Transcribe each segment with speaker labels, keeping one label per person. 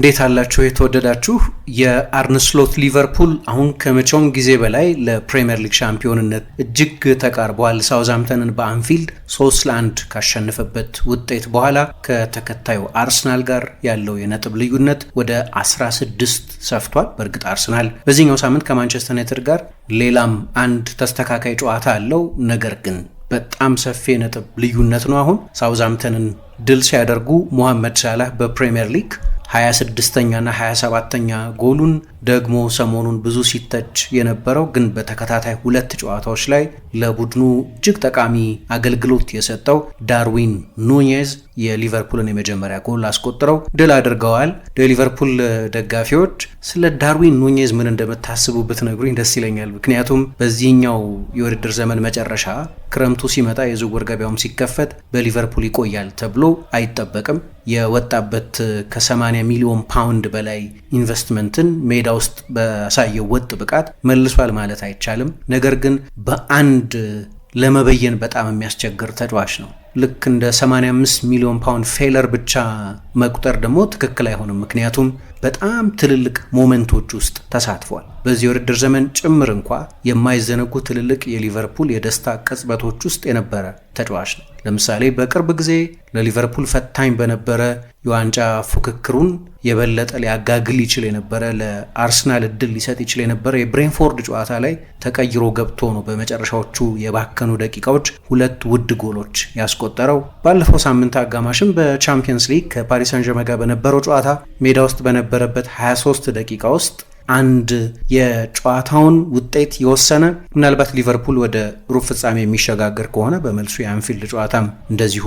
Speaker 1: እንዴት አላችሁ የተወደዳችሁ የአርንስሎት ሊቨርፑል አሁን ከመቼውም ጊዜ በላይ ለፕሪምየር ሊግ ሻምፒዮንነት እጅግ ተቃርቧል። ሳውዝሃምተንን በአንፊልድ ሶስት ለአንድ ካሸነፈበት ውጤት በኋላ ከተከታዩ አርሰናል ጋር ያለው የነጥብ ልዩነት ወደ 16 ሰፍቷል። በእርግጥ አርሰናል በዚህኛው ሳምንት ከማንቸስተር ዩናይትድ ጋር ሌላም አንድ ተስተካካይ ጨዋታ አለው። ነገር ግን በጣም ሰፊ የነጥብ ልዩነት ነው። አሁን ሳውዝሃምተንን ድል ሲያደርጉ ሞሐመድ ሳላህ በፕሪምየር ሊግ 26ኛና 27ኛ ጎሉን ደግሞ ሰሞኑን ብዙ ሲተች የነበረው ግን በተከታታይ ሁለት ጨዋታዎች ላይ ለቡድኑ እጅግ ጠቃሚ አገልግሎት የሰጠው ዳርዊን ኑኔዝ የሊቨርፑልን የመጀመሪያ ጎል አስቆጥረው ድል አድርገዋል። የሊቨርፑል ደጋፊዎች ስለ ዳርዊን ኑኔዝ ምን እንደምታስቡበት ነግሩኝ ደስ ይለኛል። ምክንያቱም በዚህኛው የውድድር ዘመን መጨረሻ ክረምቱ ሲመጣ የዝውውር ገበያውም ሲከፈት በሊቨርፑል ይቆያል ተብሎ አይጠበቅም። የወጣበት ከ80 ሚሊዮን ፓውንድ በላይ ኢንቨስትመንትን ሜዳ ውስጥ በሳየው ወጥ ብቃት መልሷል ማለት አይቻልም። ነገር ግን በአንድ ለመበየን በጣም የሚያስቸግር ተጫዋች ነው። ልክ እንደ 85 ሚሊዮን ፓውንድ ፌለር ብቻ መቁጠር ደግሞ ትክክል አይሆንም። ምክንያቱም በጣም ትልልቅ ሞመንቶች ውስጥ ተሳትፏል። በዚህ የውድድር ዘመን ጭምር እንኳ የማይዘነጉ ትልልቅ የሊቨርፑል የደስታ ቅጽበቶች ውስጥ የነበረ ተጫዋች ነው። ለምሳሌ በቅርብ ጊዜ ለሊቨርፑል ፈታኝ በነበረ የዋንጫ ፉክክሩን የበለጠ ሊያጋግል ይችል የነበረ ለአርሰናል እድል ሊሰጥ ይችል የነበረ የብሬንፎርድ ጨዋታ ላይ ተቀይሮ ገብቶ ነው በመጨረሻዎቹ የባከኑ ደቂቃዎች ሁለት ውድ ጎሎች ያስቆጠረው። ባለፈው ሳምንት አጋማሽም በቻምፒየንስ ሊግ ከፓሪስ አንጀርመን ጋር በነበረው ጨዋታ ሜዳ ውስጥ በነበ በነበረበት 23 ደቂቃ ውስጥ አንድ የጨዋታውን ውጤት የወሰነ ምናልባት ሊቨርፑል ወደ ሩብ ፍጻሜ የሚሸጋገር ከሆነ በመልሱ የአንፊልድ ጨዋታም እንደዚሁ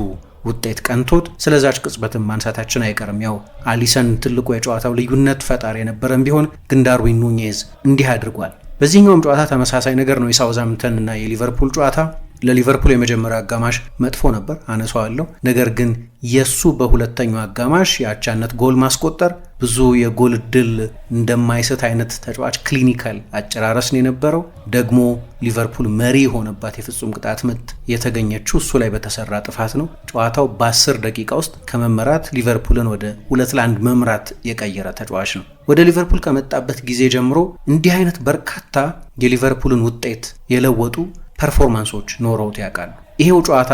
Speaker 1: ውጤት ቀንቶት ስለዛች ቅጽበትን ማንሳታችን አይቀርም። ያው አሊሰን ትልቁ የጨዋታው ልዩነት ፈጣሪ የነበረም ቢሆን ግን ዳርዊን ኑኔዝ እንዲህ አድርጓል። በዚህኛውም ጨዋታ ተመሳሳይ ነገር ነው። የሳውዛምተን እና የሊቨርፑል ጨዋታ ለሊቨርፑል የመጀመሪያው አጋማሽ መጥፎ ነበር አነሳዋለሁ። ነገር ግን የእሱ በሁለተኛው አጋማሽ የአቻነት ጎል ማስቆጠር ብዙ የጎል እድል እንደማይሰጥ አይነት ተጫዋች ክሊኒካል አጨራረስ ነው የነበረው። ደግሞ ሊቨርፑል መሪ የሆነባት የፍጹም ቅጣት ምት የተገኘችው እሱ ላይ በተሰራ ጥፋት ነው። ጨዋታው በ10 ደቂቃ ውስጥ ከመመራት ሊቨርፑልን ወደ ሁለት ለአንድ መምራት የቀየረ ተጫዋች ነው። ወደ ሊቨርፑል ከመጣበት ጊዜ ጀምሮ እንዲህ አይነት በርካታ የሊቨርፑልን ውጤት የለወጡ ፐርፎርማንሶች ኖረውት ያውቃሉ። ይሄው ጨዋታ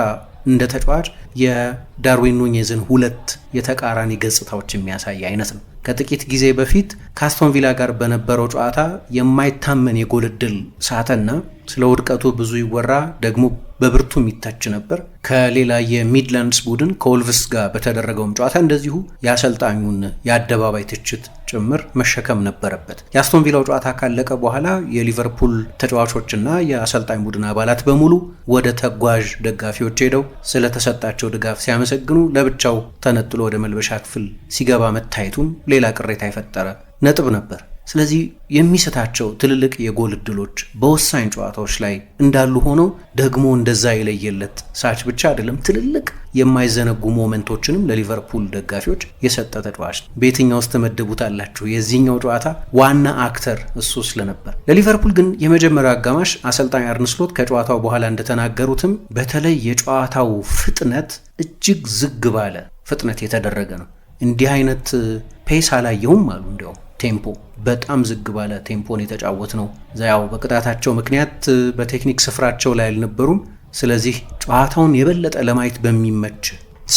Speaker 1: እንደ ተጫዋች የዳርዊን ኑኔዝን ሁለት የተቃራኒ ገጽታዎች የሚያሳይ አይነት ነው። ከጥቂት ጊዜ በፊት ካስቶንቪላ ቪላ ጋር በነበረው ጨዋታ የማይታመን የጎል ዕድል ሳተና ስለ ውድቀቱ ብዙ ይወራ ደግሞ በብርቱ የሚታች ነበር። ከሌላ የሚድላንድስ ቡድን ከወልቭስ ጋር በተደረገውም ጨዋታ እንደዚሁ የአሰልጣኙን የአደባባይ ትችት ጭምር መሸከም ነበረበት። የአስቶን ቪላው ጨዋታ ካለቀ በኋላ የሊቨርፑል ተጫዋቾችና የአሰልጣኝ ቡድን አባላት በሙሉ ወደ ተጓዥ ደጋፊዎች ሄደው ስለተሰጣቸው ድጋፍ ሲያመሰግኑ ለብቻው ተነጥሎ ወደ መልበሻ ክፍል ሲገባ መታየቱም ሌላ ቅሬታ የፈጠረ ነጥብ ነበር። ስለዚህ የሚሰታቸው ትልልቅ የጎል እድሎች በወሳኝ ጨዋታዎች ላይ እንዳሉ ሆኖ ደግሞ እንደዛ የለየለት ሳች ብቻ አይደለም፣ ትልልቅ የማይዘነጉ ሞመንቶችንም ለሊቨርፑል ደጋፊዎች የሰጠ ተጫዋች ነው። በየትኛው ውስጥ ተመደቡታላችሁ? የዚህኛው ጨዋታ ዋና አክተር እሱ ስለነበር። ለሊቨርፑል ግን የመጀመሪያው አጋማሽ አሰልጣኝ አርንስሎት ከጨዋታው በኋላ እንደተናገሩትም በተለይ የጨዋታው ፍጥነት እጅግ ዝግ ባለ ፍጥነት የተደረገ ነው። እንዲህ አይነት ፔስ አላየሁም አሉ እንዲያውም ቴምፖ በጣም ዝግ ባለ ቴምፖን የተጫወት ነው። ያው በቅጣታቸው ምክንያት በቴክኒክ ስፍራቸው ላይ አልነበሩም። ስለዚህ ጨዋታውን የበለጠ ለማየት በሚመች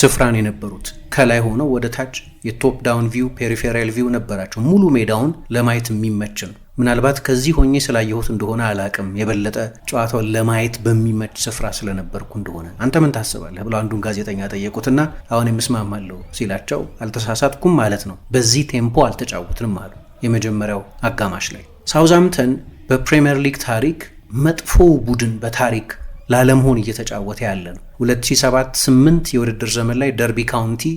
Speaker 1: ስፍራን የነበሩት ከላይ ሆነው ወደ ታች የቶፕ ዳውን ቪው ፔሪፌራል ቪው ነበራቸው። ሙሉ ሜዳውን ለማየት የሚመች ነው። ምናልባት ከዚህ ሆኜ ስላየሁት እንደሆነ አላቅም የበለጠ ጨዋታውን ለማየት በሚመች ስፍራ ስለነበርኩ እንደሆነ አንተ ምን ታስባለህ ብለው አንዱን ጋዜጠኛ ጠየቁትና አሁን የምስማማለሁ ሲላቸው አልተሳሳትኩም ማለት ነው፣ በዚህ ቴምፖ አልተጫወትንም አሉ። የመጀመሪያው አጋማሽ ላይ ሳውዛምተን በፕሪምየር ሊግ ታሪክ መጥፎ ቡድን በታሪክ ላለመሆን እየተጫወተ ያለ ነው። 2007/8 የውድድር ዘመን ላይ ደርቢ ካውንቲ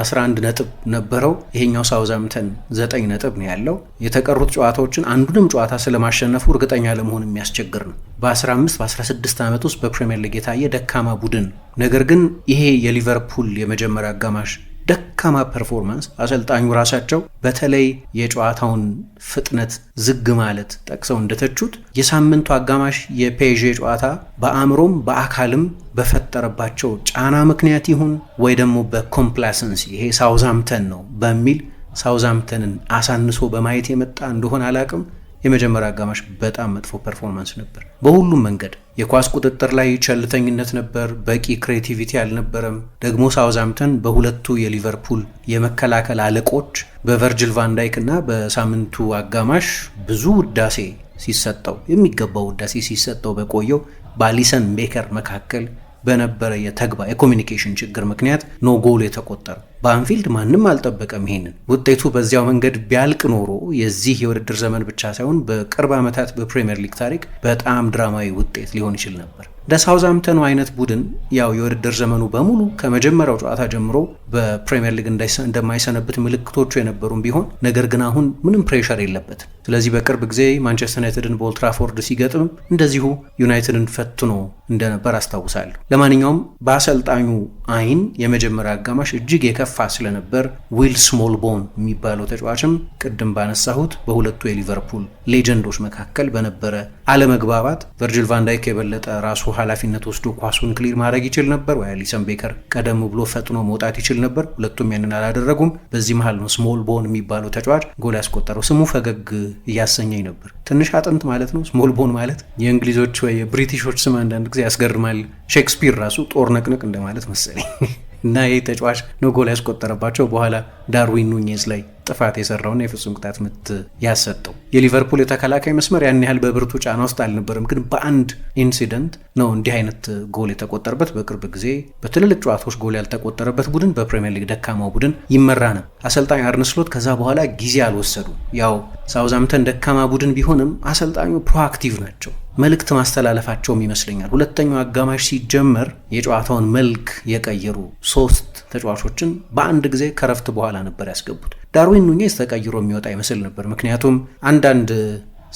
Speaker 1: 11 ነጥብ ነበረው። ይሄኛው ሳውዛምተን 9 ነጥብ ነው ያለው። የተቀሩት ጨዋታዎችን አንዱንም ጨዋታ ስለማሸነፉ እርግጠኛ ለመሆን የሚያስቸግር ነው። በ15 በ16 ዓመት ውስጥ በፕሪምየር ሊግ የታየ ደካማ ቡድን። ነገር ግን ይሄ የሊቨርፑል የመጀመሪያ አጋማሽ ደካማ ፐርፎርማንስ አሰልጣኙ ራሳቸው በተለይ የጨዋታውን ፍጥነት ዝግ ማለት ጠቅሰው እንደተቹት የሳምንቱ አጋማሽ የፔዤ ጨዋታ በአእምሮም በአካልም በፈጠረባቸው ጫና ምክንያት ይሁን ወይ ደግሞ በኮምፕላሰንስ ይሄ ሳውዛምተን ነው በሚል ሳውዛምተንን አሳንሶ በማየት የመጣ እንደሆነ አላቅም የመጀመሪያ አጋማሽ በጣም መጥፎ ፐርፎርማንስ ነበር በሁሉም መንገድ። የኳስ ቁጥጥር ላይ ቸልተኝነት ነበር፣ በቂ ክሬቲቪቲ አልነበረም። ደግሞ ሳውዛምተን በሁለቱ የሊቨርፑል የመከላከል አለቆች በቨርጅል ቫንዳይክ እና በሳምንቱ አጋማሽ ብዙ ውዳሴ ሲሰጠው የሚገባው ውዳሴ ሲሰጠው በቆየው በአሊሰን ቤከር መካከል በነበረ የተግባ የኮሚኒኬሽን ችግር ምክንያት ኖ ጎል የተቆጠረ በአንፊልድ ማንም አልጠበቀም። ይሄንን ውጤቱ በዚያው መንገድ ቢያልቅ ኖሮ የዚህ የውድድር ዘመን ብቻ ሳይሆን በቅርብ ዓመታት በፕሪምየር ሊግ ታሪክ በጣም ድራማዊ ውጤት ሊሆን ይችል ነበር። እንደ ሳውዛምተኑ አይነት ቡድን ያው የውድድር ዘመኑ በሙሉ ከመጀመሪያው ጨዋታ ጀምሮ በፕሪምየር ሊግ እንደማይሰነብት ምልክቶቹ የነበሩም ቢሆን ነገር ግን አሁን ምንም ፕሬሸር የለበትም። ስለዚህ በቅርብ ጊዜ ማንቸስተር ዩናይትድን በኦልትራፎርድ ሲገጥም እንደዚሁ ዩናይትድን ፈትኖ እንደነበር አስታውሳለሁ። ለማንኛውም በአሰልጣኙ አይን የመጀመሪያ አጋማሽ እጅግ የከፋ ስለነበር ዊል ስሞልቦን የሚባለው ተጫዋችም ቅድም ባነሳሁት በሁለቱ የሊቨርፑል ሌጀንዶች መካከል በነበረ አለመግባባት ቨርጅል ቫንዳይክ የበለጠ ራሱ ኃላፊነት ወስዶ ኳሱን ክሊር ማድረግ ይችል ነበር ወይ አሊሰን ቤከር ቀደም ብሎ ፈጥኖ መውጣት ይችል ነበር። ሁለቱም ያንን አላደረጉም። በዚህ መሀል ነው ስሞል ቦን የሚባለው ተጫዋች ጎል ያስቆጠረው። ስሙ ፈገግ እያሰኘኝ ነበር። ትንሽ አጥንት ማለት ነው ስሞል ቦን ማለት የእንግሊዞች ወይ የብሪቲሾች ስም አንዳንድ ጊዜ ያስገርማል። ሼክስፒር ራሱ ጦር ነቅንቅ እንደማለት መሰለኝ እና ይህ ተጫዋች ነው ጎል ያስቆጠረባቸው። በኋላ ዳርዊን ኑኜዝ ላይ ጥፋት የሰራውን የፍጹም ቅጣት ምት ያሰጠው። የሊቨርፑል የተከላካይ መስመር ያን ያህል በብርቱ ጫና ውስጥ አልነበረም፣ ግን በአንድ ኢንሲደንት ነው እንዲህ አይነት ጎል የተቆጠረበት። በቅርብ ጊዜ በትልልቅ ጨዋታዎች ጎል ያልተቆጠረበት ቡድን በፕሪምየር ሊግ ደካማው ቡድን ይመራ ነው። አሰልጣኝ አርንስሎት ከዛ በኋላ ጊዜ አልወሰዱ። ያው ሳውዛምተን ደካማ ቡድን ቢሆንም አሰልጣኙ ፕሮአክቲቭ ናቸው። መልእክት ማስተላለፋቸውም ይመስለኛል። ሁለተኛው አጋማሽ ሲጀመር የጨዋታውን መልክ የቀየሩ ሶስት ተጫዋቾችን በአንድ ጊዜ ከረፍት በኋላ ነበር ያስገቡት። ዳርዊን ኑኔዝ ተቀይሮ የሚወጣ ይመስል ነበር። ምክንያቱም አንዳንድ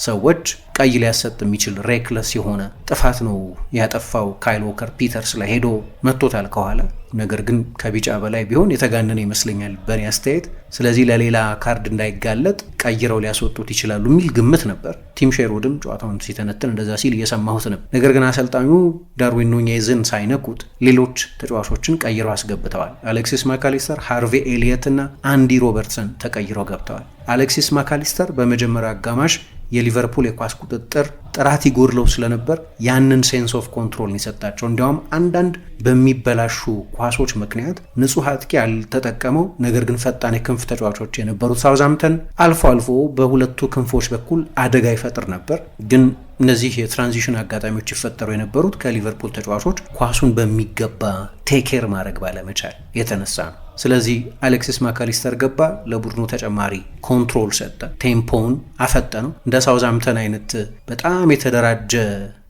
Speaker 1: ሰዎች ቀይ ሊያሰጥ የሚችል ሬክለስ የሆነ ጥፋት ነው ያጠፋው። ካይል ዎከር ፒተርስ ላይ ሄዶ መቶታል ከኋላ ነገር ግን ከቢጫ በላይ ቢሆን የተጋነነ ይመስለኛል በኔ አስተያየት። ስለዚህ ለሌላ ካርድ እንዳይጋለጥ ቀይረው ሊያስወጡት ይችላሉ የሚል ግምት ነበር። ቲም ሼሮድም ጨዋታውን ሲተነትን እንደዛ ሲል እየሰማሁት ነበር። ነገር ግን አሰልጣኙ ዳርዊን ኑኔዝን ሳይነኩት ሌሎች ተጫዋቾችን ቀይረው አስገብተዋል። አሌክሲስ ማካሊስተር፣ ሃርቬ ኤሊየት እና አንዲ ሮበርትሰን ተቀይረው ገብተዋል። አሌክሲስ ማካሊስተር በመጀመሪያው አጋማሽ የሊቨርፑል የኳስ ቁጥጥር ጥራት ይጎድለው ስለነበር ያንን ሴንስ ኦፍ ኮንትሮል የሰጣቸው። እንዲያውም አንዳንድ በሚበላሹ ኳሶች ምክንያት ንጹህ አጥቂ ያልተጠቀመው ነገር ግን ፈጣን የክንፍ ተጫዋቾች የነበሩት ሳውዛምተን አልፎ አልፎ በሁለቱ ክንፎች በኩል አደጋ ይፈጥር ነበር ግን እነዚህ የትራንዚሽን አጋጣሚዎች ይፈጠሩ የነበሩት ከሊቨርፑል ተጫዋቾች ኳሱን በሚገባ ቴኬር ማድረግ ባለመቻል የተነሳ ነው። ስለዚህ አሌክሲስ ማካሊስተር ገባ፣ ለቡድኑ ተጨማሪ ኮንትሮል ሰጠ፣ ቴምፖውን አፈጠነው። እንደ ሳውዛምተን አይነት በጣም የተደራጀ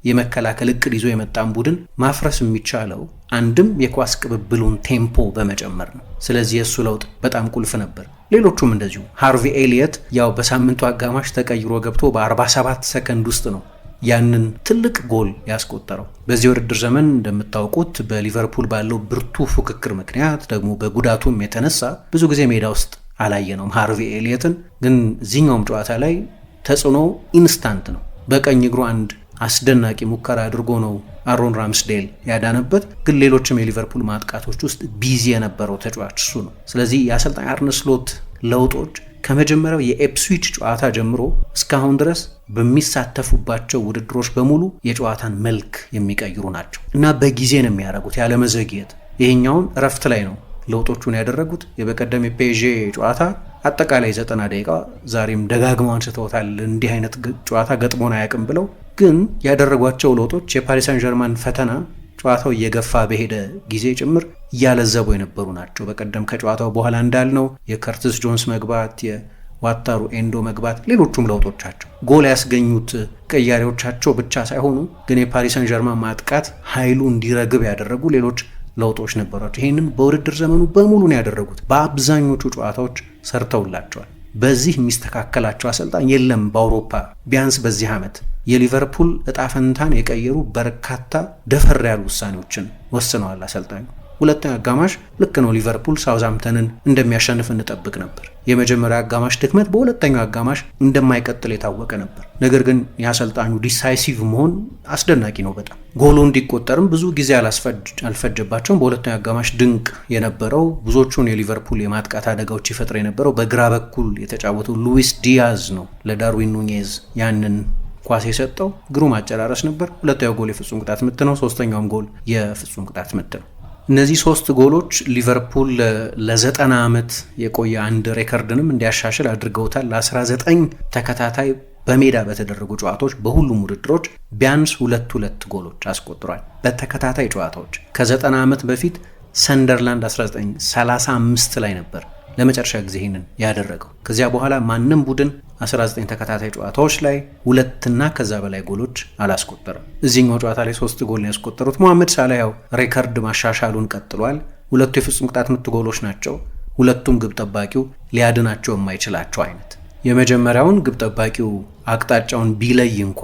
Speaker 1: የመከላከል እቅድ ይዞ የመጣን ቡድን ማፍረስ የሚቻለው አንድም የኳስ ቅብብሉን ቴምፖ በመጨመር ነው። ስለዚህ የእሱ ለውጥ በጣም ቁልፍ ነበር። ሌሎቹም እንደዚሁ። ሃርቪ ኤሊየት ያው በሳምንቱ አጋማሽ ተቀይሮ ገብቶ በ47 ሰከንድ ውስጥ ነው ያንን ትልቅ ጎል ያስቆጠረው። በዚህ ውድድር ዘመን እንደምታውቁት በሊቨርፑል ባለው ብርቱ ፉክክር ምክንያት ደግሞ በጉዳቱም የተነሳ ብዙ ጊዜ ሜዳ ውስጥ አላየነውም ሃርቪ ኤሊየትን። ግን እዚህኛውም ጨዋታ ላይ ተጽዕኖ ኢንስታንት ነው። በቀኝ እግሩ አንድ አስደናቂ ሙከራ አድርጎ ነው አሮን ራምስዴል ያዳነበት። ግን ሌሎችም የሊቨርፑል ማጥቃቶች ውስጥ ቢዚ የነበረው ተጫዋች እሱ ነው። ስለዚህ የአሰልጣኝ አርነ ስሎት ለውጦች ከመጀመሪያው የኤፕስዊች ጨዋታ ጀምሮ እስካሁን ድረስ በሚሳተፉባቸው ውድድሮች በሙሉ የጨዋታን መልክ የሚቀይሩ ናቸው እና በጊዜ ነው የሚያደርጉት ያለመዘግየት። ይሄኛውን እረፍት ላይ ነው ለውጦቹን ያደረጉት። የበቀደም የፔዤ ጨዋታ አጠቃላይ ዘጠና ደቂቃ ዛሬም ደጋግመው አንስተውታል። እንዲህ አይነት ጨዋታ ገጥሞን አያውቅም ብለው ግን ያደረጓቸው ለውጦች የፓሪሳን ጀርማን ፈተና ጨዋታው እየገፋ በሄደ ጊዜ ጭምር እያለዘቡ የነበሩ ናቸው። በቀደም ከጨዋታው በኋላ እንዳልነው የከርትስ ጆንስ መግባት፣ የዋታሩ ኤንዶ መግባት፣ ሌሎቹም ለውጦቻቸው ጎል ያስገኙት ቀያሪዎቻቸው ብቻ ሳይሆኑ ግን የፓሪሰን ጀርማን ማጥቃት ኃይሉ እንዲረግብ ያደረጉ ሌሎች ለውጦች ነበሯቸው። ይህንም በውድድር ዘመኑ በሙሉ ነው ያደረጉት። በአብዛኞቹ ጨዋታዎች ሰርተውላቸዋል። በዚህ የሚስተካከላቸው አሰልጣኝ የለም በአውሮፓ ቢያንስ በዚህ ዓመት። የሊቨርፑል እጣ ፈንታን የቀየሩ በርካታ ደፈር ያሉ ውሳኔዎችን ወስነዋል አሰልጣኙ። ሁለተኛ አጋማሽ ልክ ነው ሊቨርፑል ሳውዝሃምተንን እንደሚያሸንፍ እንጠብቅ ነበር። የመጀመሪያ አጋማሽ ድክመት በሁለተኛው አጋማሽ እንደማይቀጥል የታወቀ ነበር። ነገር ግን የአሰልጣኙ ዲሳይሲቭ መሆን አስደናቂ ነው በጣም ጎሉ እንዲቆጠርም ብዙ ጊዜ አልፈጀባቸውም። በሁለተኛው አጋማሽ ድንቅ የነበረው ብዙዎቹን የሊቨርፑል የማጥቃት አደጋዎች ይፈጥር የነበረው በግራ በኩል የተጫወተው ሉዊስ ዲያዝ ነው ለዳርዊን ኑኔዝ ያንን ኳስ የሰጠው ግሩም አጨራረስ ነበር። ሁለተኛው ጎል የፍጹም ቅጣት ምት ነው። ሶስተኛውም ጎል የፍጹም ቅጣት ምት ነው። እነዚህ ሶስት ጎሎች ሊቨርፑል ለዘጠና ዓመት የቆየ አንድ ሬከርድንም እንዲያሻሽል አድርገውታል። ለ19 ተከታታይ በሜዳ በተደረጉ ጨዋታዎች በሁሉም ውድድሮች ቢያንስ ሁለት ሁለት ጎሎች አስቆጥሯል። በተከታታይ ጨዋታዎች ከ ዓመት በፊት ሰንደርላንድ 1935 ላይ ነበር ለመጨረሻ ጊዜ ይህንን ያደረገው። ከዚያ በኋላ ማንም ቡድን 19 ተከታታይ ጨዋታዎች ላይ ሁለትና ከዛ በላይ ጎሎች አላስቆጠርም። እዚህኛው ጨዋታ ላይ ሶስት ጎል ነው ያስቆጠሩት። ሞሐመድ ሳላ ያው ሬከርድ ማሻሻሉን ቀጥሏል። ሁለቱ የፍጹም ቅጣት ምት ጎሎች ናቸው። ሁለቱም ግብ ጠባቂው ሊያድናቸው የማይችላቸው አይነት የመጀመሪያውን ግብ ጠባቂው አቅጣጫውን ቢለይ እንኳ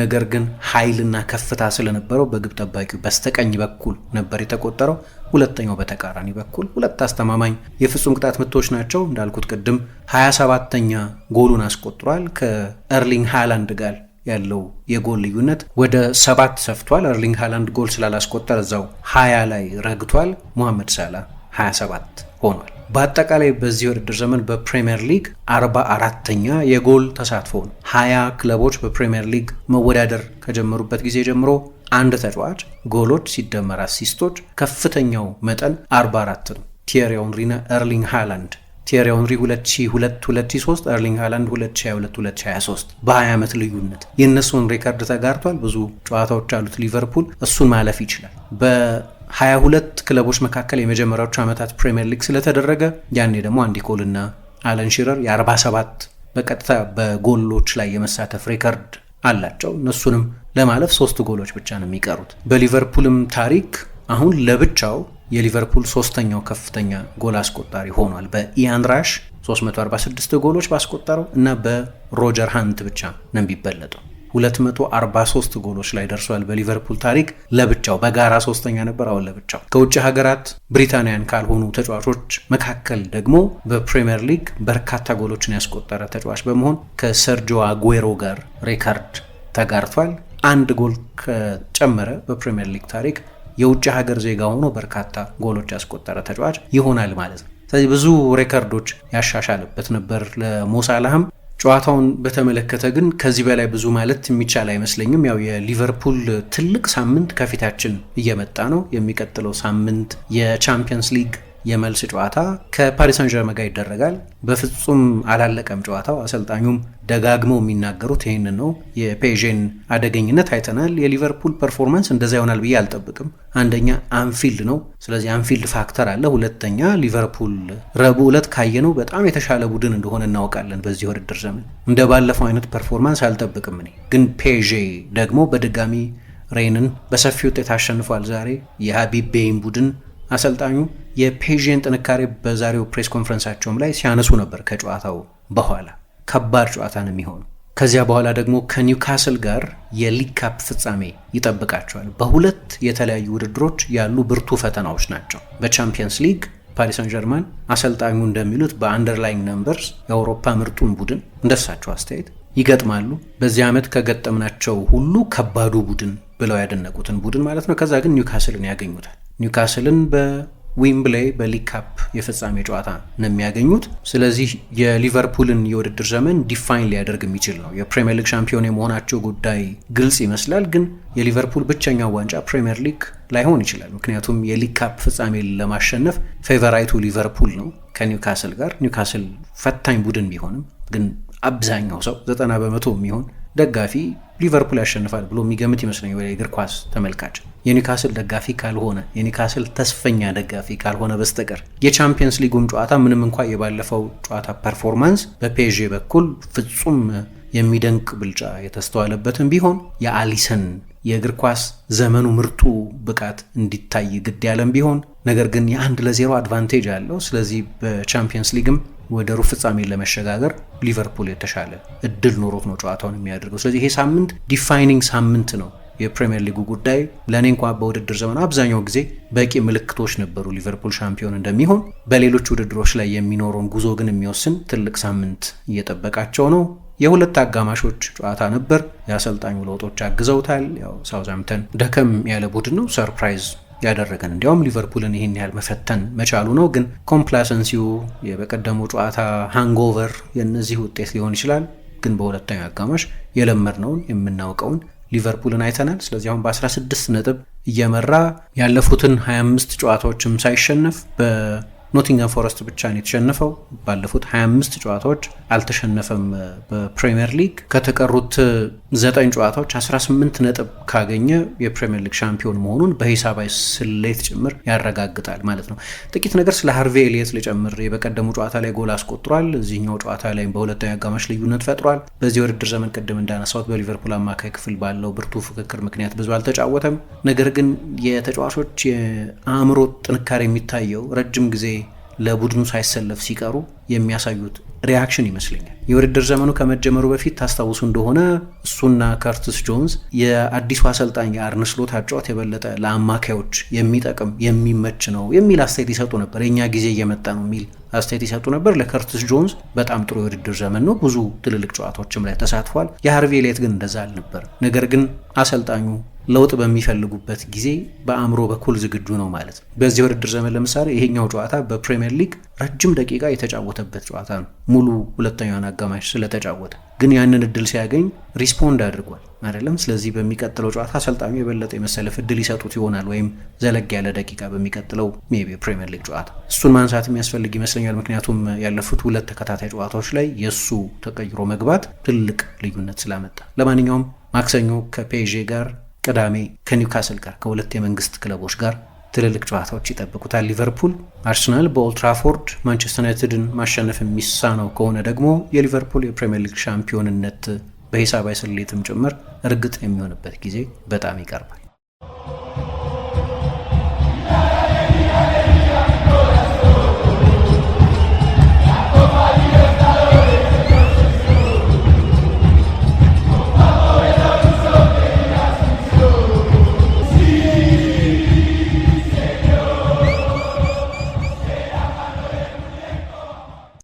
Speaker 1: ነገር ግን ኃይልና ከፍታ ስለነበረው በግብ ጠባቂው በስተቀኝ በኩል ነበር የተቆጠረው። ሁለተኛው በተቃራኒ በኩል ሁለት አስተማማኝ የፍጹም ቅጣት ምቶች ናቸው። እንዳልኩት ቅድም 27ተኛ ጎሉን አስቆጥሯል። ከኤርሊንግ ሃላንድ ጋር ያለው የጎል ልዩነት ወደ ሰባት ሰፍቷል። ኤርሊንግ ሃላንድ ጎል ስላላስቆጠር እዛው 20 ላይ ረግቷል። ሙሐመድ ሳላ 27 ሆኗል። በአጠቃላይ በዚህ ውድድር ዘመን በፕሪምየር ሊግ 44ተኛ የጎል ተሳትፎ ነው። 20 ክለቦች በፕሪምየር ሊግ መወዳደር ከጀመሩበት ጊዜ ጀምሮ አንድ ተጫዋች ጎሎች ሲደመር አሲስቶች ከፍተኛው መጠን 44 ነው። ቲየሪ ኦንሪና ኤርሊንግ ሃላንድ ቲየሪ ኦንሪ 2002 2003 ኤርሊንግ ሃላንድ 2022 2023 በ20 ዓመት ልዩነት የእነሱን ሬከርድ ተጋርቷል። ብዙ ጨዋታዎች አሉት ሊቨርፑል እሱን ማለፍ ይችላል። በ22 ክለቦች መካከል የመጀመሪያዎቹ ዓመታት ፕሪምየር ሊግ ስለተደረገ ያኔ ደግሞ አንዲ ኮልና አለን ሺረር የ47 በቀጥታ በጎሎች ላይ የመሳተፍ ሬከርድ አላቸው እነሱንም ለማለፍ ሶስት ጎሎች ብቻ ነው የሚቀሩት። በሊቨርፑልም ታሪክ አሁን ለብቻው የሊቨርፑል ሶስተኛው ከፍተኛ ጎል አስቆጣሪ ሆኗል። በኢያን ራሽ 346 ጎሎች ባስቆጠረው እና በሮጀር ሃንት ብቻ ነው የሚበለጠው። 243 ጎሎች ላይ ደርሷል። በሊቨርፑል ታሪክ ለብቻው በጋራ ሶስተኛ ነበር፣ አሁን ለብቻው። ከውጭ ሀገራት ብሪታንያን ካልሆኑ ተጫዋቾች መካከል ደግሞ በፕሪምየር ሊግ በርካታ ጎሎችን ያስቆጠረ ተጫዋች በመሆን ከሰርጂዮ አጉዌሮ ጋር ሬካርድ ተጋርቷል። አንድ ጎል ከጨመረ በፕሪምየር ሊግ ታሪክ የውጭ ሀገር ዜጋ ሆኖ በርካታ ጎሎች ያስቆጠረ ተጫዋች ይሆናል ማለት ነው። ስለዚህ ብዙ ሬከርዶች ያሻሻለበት ነበር ለሞሳላህም። ጨዋታውን በተመለከተ ግን ከዚህ በላይ ብዙ ማለት የሚቻል አይመስለኝም። ያው የሊቨርፑል ትልቅ ሳምንት ከፊታችን እየመጣ ነው። የሚቀጥለው ሳምንት የቻምፒየንስ ሊግ የመልስ ጨዋታ ከፓሪስ ሰን ዠርመን ጋር ይደረጋል። በፍጹም አላለቀም ጨዋታው። አሰልጣኙም ደጋግመው የሚናገሩት ይህን ነው። የፔዥን አደገኝነት አይተናል። የሊቨርፑል ፐርፎርማንስ እንደዛ ይሆናል ብዬ አልጠብቅም። አንደኛ አንፊልድ ነው፣ ስለዚህ አንፊልድ ፋክተር አለ። ሁለተኛ ሊቨርፑል ረቡዕ ዕለት ካየነው በጣም የተሻለ ቡድን እንደሆነ እናውቃለን። በዚህ ውድድር ዘመን እንደ ባለፈው አይነት ፐርፎርማንስ አልጠብቅም እኔ። ግን ፔዤ ደግሞ በድጋሚ ሬንን በሰፊ ውጤት አሸንፏል። ዛሬ ቤይን ቡድን አሰልጣኙ የፔዥን ጥንካሬ በዛሬው ፕሬስ ኮንፈረንሳቸውም ላይ ሲያነሱ ነበር። ከጨዋታው በኋላ ከባድ ጨዋታ ነው የሚሆኑ ከዚያ በኋላ ደግሞ ከኒውካስል ጋር የሊግ ካፕ ፍጻሜ ይጠብቃቸዋል። በሁለት የተለያዩ ውድድሮች ያሉ ብርቱ ፈተናዎች ናቸው። በቻምፒየንስ ሊግ ፓሪስ ሳን ጀርማን አሰልጣኙ እንደሚሉት በአንደርላይንግ ነምበርስ የአውሮፓ ምርጡን ቡድን እንደሳቸው አስተያየት ይገጥማሉ። በዚህ ዓመት ከገጠምናቸው ሁሉ ከባዱ ቡድን ብለው ያደነቁትን ቡድን ማለት ነው። ከዛ ግን ኒውካስልን ያገኙታል። ኒውካስልን በዊምብሌይ በሊግ ካፕ የፍጻሜ ጨዋታ ነው የሚያገኙት። ስለዚህ የሊቨርፑልን የውድድር ዘመን ዲፋይን ሊያደርግ የሚችል ነው። የፕሪምየር ሊግ ሻምፒዮን የመሆናቸው ጉዳይ ግልጽ ይመስላል፣ ግን የሊቨርፑል ብቸኛው ዋንጫ ፕሪምየር ሊግ ላይሆን ይችላል። ምክንያቱም የሊግ ካፕ ፍጻሜ ለማሸነፍ ፌቨራይቱ ሊቨርፑል ነው ከኒውካስል ጋር። ኒውካስል ፈታኝ ቡድን ቢሆንም ግን አብዛኛው ሰው ዘጠና በመቶ የሚሆን ደጋፊ ሊቨርፑል ያሸንፋል ብሎ የሚገምት ይመስለኛል የእግር ኳስ ተመልካች። የኒካስል ደጋፊ ካልሆነ የኒውካስል ተስፈኛ ደጋፊ ካልሆነ በስተቀር የቻምፒየንስ ሊጉም ጨዋታ ምንም እንኳ የባለፈው ጨዋታ ፐርፎርማንስ በፔዤ በኩል ፍጹም የሚደንቅ ብልጫ የተስተዋለበትም ቢሆን የአሊሰን የእግር ኳስ ዘመኑ ምርጡ ብቃት እንዲታይ ግድ ያለም ቢሆን ነገር ግን የአንድ ለዜሮ አድቫንቴጅ አለው። ስለዚህ በቻምፒየንስ ሊግም ወደ ሩብ ፍጻሜ ለመሸጋገር ሊቨርፑል የተሻለ እድል ኖሮት ነው ጨዋታውን የሚያደርገው። ስለዚህ ይሄ ሳምንት ዲፋይኒንግ ሳምንት ነው። የፕሪምየር ሊጉ ጉዳይ ለእኔ እንኳ በውድድር ዘመን አብዛኛው ጊዜ በቂ ምልክቶች ነበሩ ሊቨርፑል ሻምፒዮን እንደሚሆን። በሌሎች ውድድሮች ላይ የሚኖረውን ጉዞ ግን የሚወስን ትልቅ ሳምንት እየጠበቃቸው ነው። የሁለት አጋማሾች ጨዋታ ነበር። የአሰልጣኙ ለውጦች አግዘውታል። ያው ሳውዛምተን ደከም ያለ ቡድን ነው። ሰርፕራይዝ ያደረገን እንዲያውም ሊቨርፑልን ይህን ያህል መፈተን መቻሉ ነው። ግን ኮምፕላሰንሲው የበቀደሙ ጨዋታ ሃንጎቨር የእነዚህ ውጤት ሊሆን ይችላል። ግን በሁለተኛው አጋማሽ የለመድነውን የምናውቀውን ሊቨርፑልን አይተናል። ስለዚህ አሁን በ16 ነጥብ እየመራ ያለፉትን 25 ጨዋታዎችም ሳይሸነፍ በ ኖቲንጋም ፎረስት ብቻ ነው የተሸነፈው። ባለፉት 25 ጨዋታዎች አልተሸነፈም። በፕሪምየር ሊግ ከተቀሩት ዘጠኝ ጨዋታዎች 18 ነጥብ ካገኘ የፕሪምየር ሊግ ሻምፒዮን መሆኑን በሂሳባዊ ስሌት ጭምር ያረጋግጣል ማለት ነው። ጥቂት ነገር ስለ ሃርቬ ኤሊየት ልጨምር። የበቀደሙ ጨዋታ ላይ ጎል አስቆጥሯል። እዚህኛው ጨዋታ ላይ በሁለተኛ አጋማሽ ልዩነት ፈጥሯል። በዚህ ውድድር ዘመን ቅድም እንዳነሳሁት በሊቨርፑል አማካይ ክፍል ባለው ብርቱ ፍክክር ምክንያት ብዙ አልተጫወተም። ነገር ግን የተጫዋቾች የአእምሮ ጥንካሬ የሚታየው ረጅም ጊዜ ለቡድኑ ሳይሰለፍ ሲቀሩ የሚያሳዩት ሪያክሽን ይመስለኛል። የውድድር ዘመኑ ከመጀመሩ በፊት ታስታውሱ እንደሆነ እሱና ከርትስ ጆንስ የአዲሱ አሰልጣኝ የአርነ አጫዋት የበለጠ ለአማካዮች የሚጠቅም የሚመች ነው የሚል አስተያየት ይሰጡ ነበር። የእኛ ጊዜ እየመጣ ነው የሚል አስተያየት ይሰጡ ነበር። ለከርትስ ጆንስ በጣም ጥሩ የውድድር ዘመን ነው። ብዙ ትልልቅ ጨዋታዎችም ላይ ተሳትፏል። የሃርቪ ሌት ግን እንደዛ አልነበር። ነገር ግን አሰልጣኙ ለውጥ በሚፈልጉበት ጊዜ በአእምሮ በኩል ዝግጁ ነው ማለት ነው። በዚህ ውድድር ዘመን ለምሳሌ ይሄኛው ጨዋታ በፕሪምየር ሊግ ረጅም ደቂቃ የተጫወተበት ጨዋታ ነው። ሙሉ ሁለተኛውን አጋማሽ ስለተጫወተ ግን ያንን እድል ሲያገኝ ሪስፖንድ አድርጓል አይደለም። ስለዚህ በሚቀጥለው ጨዋታ አሰልጣኙ የበለጠ የመሰለፍ እድል ይሰጡት ይሆናል፣ ወይም ዘለግ ያለ ደቂቃ በሚቀጥለው ቢ የፕሪምየር ሊግ ጨዋታ እሱን ማንሳት የሚያስፈልግ ይመስለኛል። ምክንያቱም ያለፉት ሁለት ተከታታይ ጨዋታዎች ላይ የእሱ ተቀይሮ መግባት ትልቅ ልዩነት ስላመጣ። ለማንኛውም ማክሰኞ ከፔዤ ጋር ቅዳሜ ከኒውካስል ጋር ከሁለት የመንግስት ክለቦች ጋር ትልልቅ ጨዋታዎች ይጠብቁታል። ሊቨርፑል አርሰናል በኦልትራፎርድ ማንቸስተር ዩናይትድን ማሸነፍ የሚሳነው ከሆነ ደግሞ የሊቨርፑል የፕሪምየር ሊግ ሻምፒዮንነት በሂሳባዊ ስሌትም ጭምር እርግጥ የሚሆንበት ጊዜ በጣም ይቀርባል።